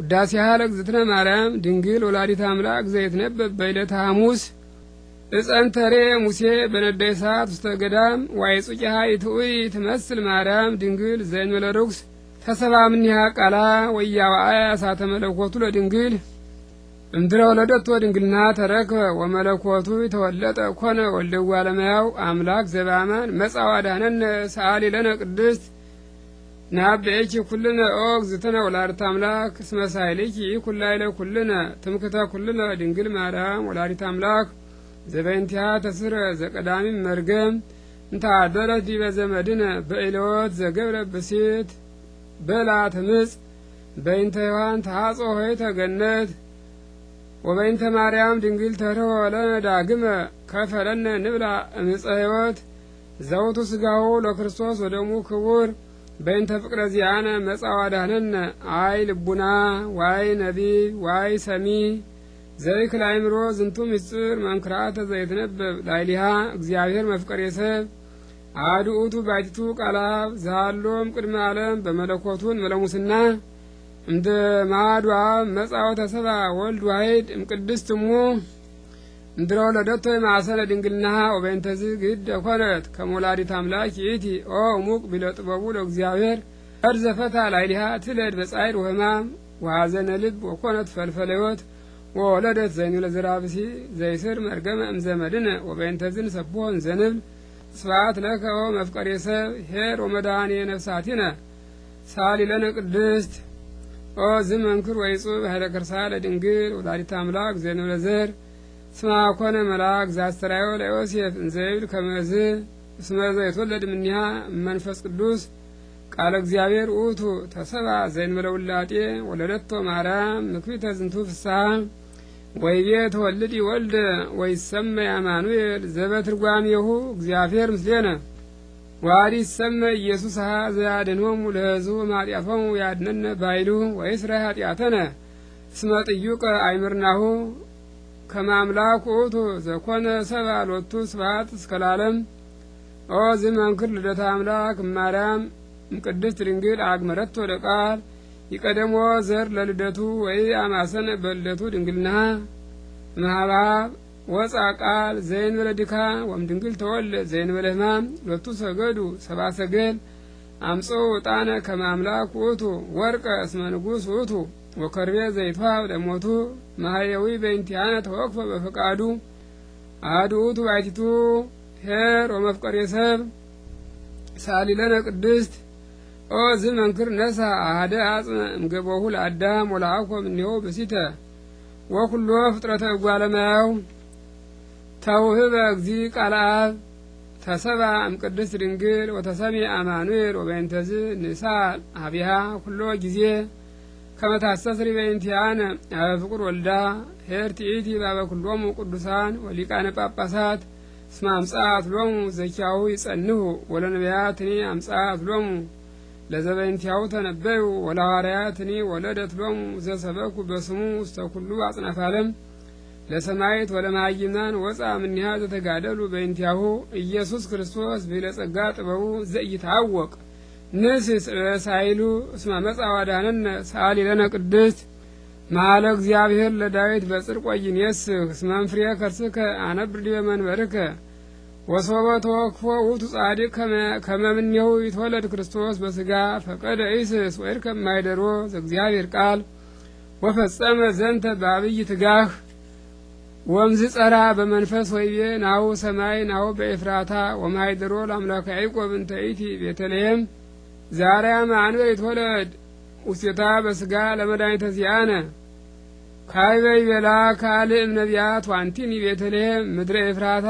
ውዳሴሃ ለእግዝእትነ ማርያም ድንግል ወላዲት አምላክ ዘይትነበብ በዕለተ ሐሙስ እጸንተሬ ሙሴ በነዳይ ሰዓት ውስተ ገዳም ዋይጹቂሃ ይትኡይ ትመስል ማርያም ድንግል ዘእንበለ ርኩስ ተሰባ እምኔሃ ቃላ ወያዋአያ እሳተ መለኮቱ ለድንግል እምድረ ወለደቶ ድንግልና ተረክበ ወመለኮቱ ተወለጠ ኮነ ወልደዋ ለመያው አምላክ ዘባማን መጻ ዋዳነነ ሰአሊ ለነ ቅድስት ናቤኪ ኩልነ ኦ እግዝእትነ ወላዲተ አምላክ እስመ ሳይልኪ ኩላይለ ኩልነ ትምክተ ኩልነ ድንግል ማርያም ወላዲተ አምላክ ዘበይንቲሃ ተስረ ዘቀዳሚ መርገም እንታደረት ዲበ ዘመድነ በኢሎት ዘገብረ ብሲት በላ ምጽ በይንተ ዮሐን ተሐጾ ሆይ ተገነት ወበይንተ ማርያም ድንግል ተርሆ ለነ ዳግመ ከፈለነ ንብላ እምፀ ሕይወት ዘውቱ ስጋሁ ለክርስቶስ ወደሙ ክቡር በእንተ ፍቅረ ዚአነ መጻው አዳህነነ አይ ልቡና ዋይ ነቢብ ዋይ ሰሚ ዘይክል አይምሮ ዝንቱ ምስጢር መንክራተ ዘይትነበብ ላይሊሃ እግዚአብሔር መፍቀሬ ሰብ አድኡ ውእቱ ባሕቲቱ ቃላብ ዘሃሎም ቅድመ ዓለም በመለኮቱን መለሙስና እንደ ማዷ መጻወ ተሰባ ወልድ ዋሂድ እምቅድስት እሙ እንድሮ ለደቶ የማእሰረ ድንግልናሃ ወበእንተዝ ግድ ኮነት ከሞላዲት አምላክ ይእቲ ኦ ሙቅ ቢለ ጥበቡ ለእግዚአብሔር እድ ዘፈታ ላይሊሃ ትለድ በጻይድ ወህማም ወሐዘነ ልብ ወኮነት ፈልፈለ ሕይወት ወወለደት ዘይኑ ለዝራብሲ ዘይስር መርገመ እምዘመድነ ወበእንተዝን ሰብሆን ዘንብል ስፋት ለከ ኦ መፍቀሬ ሰብ ሄር ወመድኃኔ ነፍሳቲነ ሳሊ ለነ ቅድስት ኦ ዝመንክር ወይጹብ ሀይለ ከርሳ ለድንግል ወላዲት አምላክ ዘይኑ ለዘር ስማ ኮነ መልአክ ዛስተራዮ ለዮሴፍ እንዘይብል ከመዝ እስመ ዘይትወለድ ምንያ መንፈስ ቅዱስ ቃለ እግዚአብሔር ውእቱ ተሰባ ዘእንበለ ውላጤ ወለደቶ ማርያም ምክቢተ ዝንቱ ፍስሐ ወይቤ ተወልድ ወልደ ወይሰመ አማኑኤል ዘበትርጓሜሁ እግዚአብሔር ምስሌነ ዋዲ ሰመ ኢየሱስ ሀ ዘያድኅኖሙ ለሕዝቡ ማጢአቶሙ ያድነነ ባይሉ ወይስራ ኃጢአተነ እስመ ጥዩቀ አይምርናሁ ከማምላክ ውእቱ ዘኮነ ሰብአ ሎቱ ስብሐት እስከ ለዓለም ኦ ዝመንክር ልደታ አምላክ ማርያም እምቅድስት ድንግል አግመረቶ ለቃል ይቀደሞ ዘር ለልደቱ ወይ አማሰነ በልደቱ ድንግልና እምኀባብ ወጻ ቃል ዘእንበለ ድካም ወእምድንግል ተወልደ ዘእንበለ ሕማም ሎቱ ሰገዱ ሰብአ ሰገል አምጽኡ ዕጣነ ከመ ውእቱ ወርቀ እስመ ንጉሥ ውእቱ ወከርቤ ዘይፋብ ለሞቱ ማህየዊ በእንቲአነ ተወክፈ በፈቃዱ አሐዱ ውእቱ ባሕቲቱ ኄር ወመፍቀሬ ሰብ ሳሊለነ ቅድስት ኦ ዝመንክር ነሳ አሐደ አጽመ እምገቦሁ ለአዳም ወለአኮ እምኔሁ ብእሲተ ወኵሎ ፍጥረተ እጓለ እመሕያው ተውህበ እግዚእ ቃለ አብ ተሰብአ እምቅድስት ድንግል ወተሰሜ አማኑኤል ወበእንተዝ ንሳ አብያ ኩሎ ጊዜ ከመታሰስሪ በእንቲአነ ፍቁር ወልዳ ሄርቲ ኢቲ ባበኩሎሙ ቅዱሳን ወሊቃነ ጳጳሳት እስመ አምጻት ሎሙ ዘኪያሁ ይጸንሁ ወለነቢያትኒ አምጻት ሎሙ ለዘበእንቲአሁ ተነበዩ ወለሐዋርያትኒ ወለደት ሎሙ ዘሰበኩ በስሙ ውስተ ኩሉ አጽናፈ ዓለም ለሰማይት ወለማይምናን ወፃ እምኔሃ ዘተጋደሉ በእንቲአሁ ኢየሱስ ክርስቶስ ብለጸጋ ጥበቡ ዘኢይታወቅ ንስ ሳይሉ እስማ መጽአ ወአድኀነነ ሰአሊ ለነ ቅድስት ማለ እግዚአብሔር ለዳዊት በጽድቅ ወይንየስህ እስመ እምፍሬ ከርስከ አነብር ዲበ መንበርከ ወሶበ ተወክፎ ውቱ ጻድቅ ከመምኔው እምኔሁ ይትወለድ ክርስቶስ በስጋ ፈቀደ ኢስስ ወይርከብ ማይደሮ ዘእግዚአብሔር ቃል ወፈጸመ ዘንተ በአብይ ትጋህ ወምዝ ጸራ በመንፈስ ወይቤ ናሁ ሰማይ ናሁ በኤፍራታ ወማይደሮ ለአምላክ ያዕቆብ እንተ ኢቲ ቤተልሔም ዛርያም አንበ ይትወለድ ውስቴታ በስጋ ለመድኃኒተ ዚአነ ካይበ ይቤላ ካል እምነቢያት ዋንቲኒ ቤተልሔም ምድረ ኤፍራታ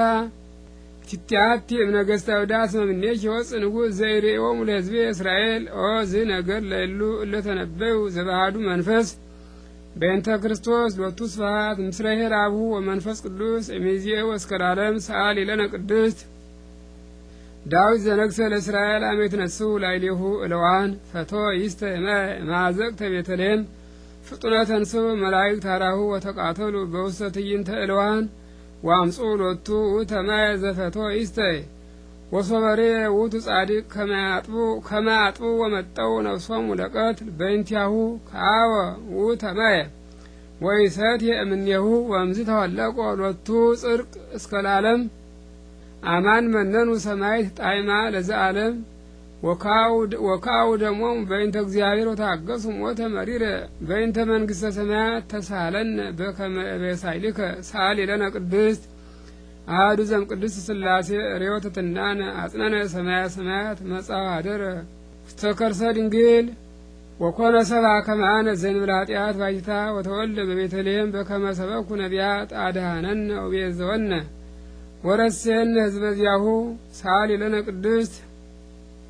ቲቲያቲ እምነገሥተ ይሁዳ እስመ ምኔኪ ይወፅእ ንጉሥ ዘይርእዮሙ ለሕዝቤ እስራኤል ኦ ዝ ነገር ለእሉ እለ ተነበዩ ዘባህዱ መንፈስ በእንተ ክርስቶስ ሎቱ ስብሐት ምስለ ሄር ወመንፈስ ቅዱስ እምይእዜእ ወእስከ ለዓለም ሰአሊ ለነ ቅድስት ዳዊት ዘነግሰ ለእስራኤል አሜት ነሱ ላይሊሁ እለዋን ፈቶ ይስተ ማዘቅተ ቤተልሔም ፍጡነ ተንሱ መላይክ ታራሁ ወተቃተሉ በውስተ ትይንተ እለዋን ዋምፁ ሎቱ ውእተ ዘፈቶ ይስተ ወሶበሬ ውቱ ጻዲቅ ከማያጥቡ ከማያጥቡ ወመጠው ነፍሶሙ ውለቀት በእንቲአሁ ከአወ ውእተ ማየ ወይሰትየ እምኔሁ ወእምዝ ተወለቆ ሎቱ ጽርቅ እስከ ላለም አማን መነኑ ሰማይት ጣይማ ለዛ ዓለም ወካው ደሞ በእንተ እግዚአብሔር ወታገሱ ሞተ መሪረ በእንተ መንግሥተ ሰማያት ተሳለን በከመ በሳይልከ ሳል የለነ ቅድስት አህዱ ዘም ቅድስት ስላሴ ሬወተ ትናነ አጽነነ ሰማያ ሰማያት መጻው አደረ ውስተ ድንግል ወኮነ ሰባ ከማነ ዘንብል ኃጢአት ባይታ ወተወልደ በቤተልሔም በከመ ሰበኩ ነቢያት አድሃነነ ወቤዘወነ ወረስህን ህዝበዚያሁ ሳሊ ለነ ቅድስት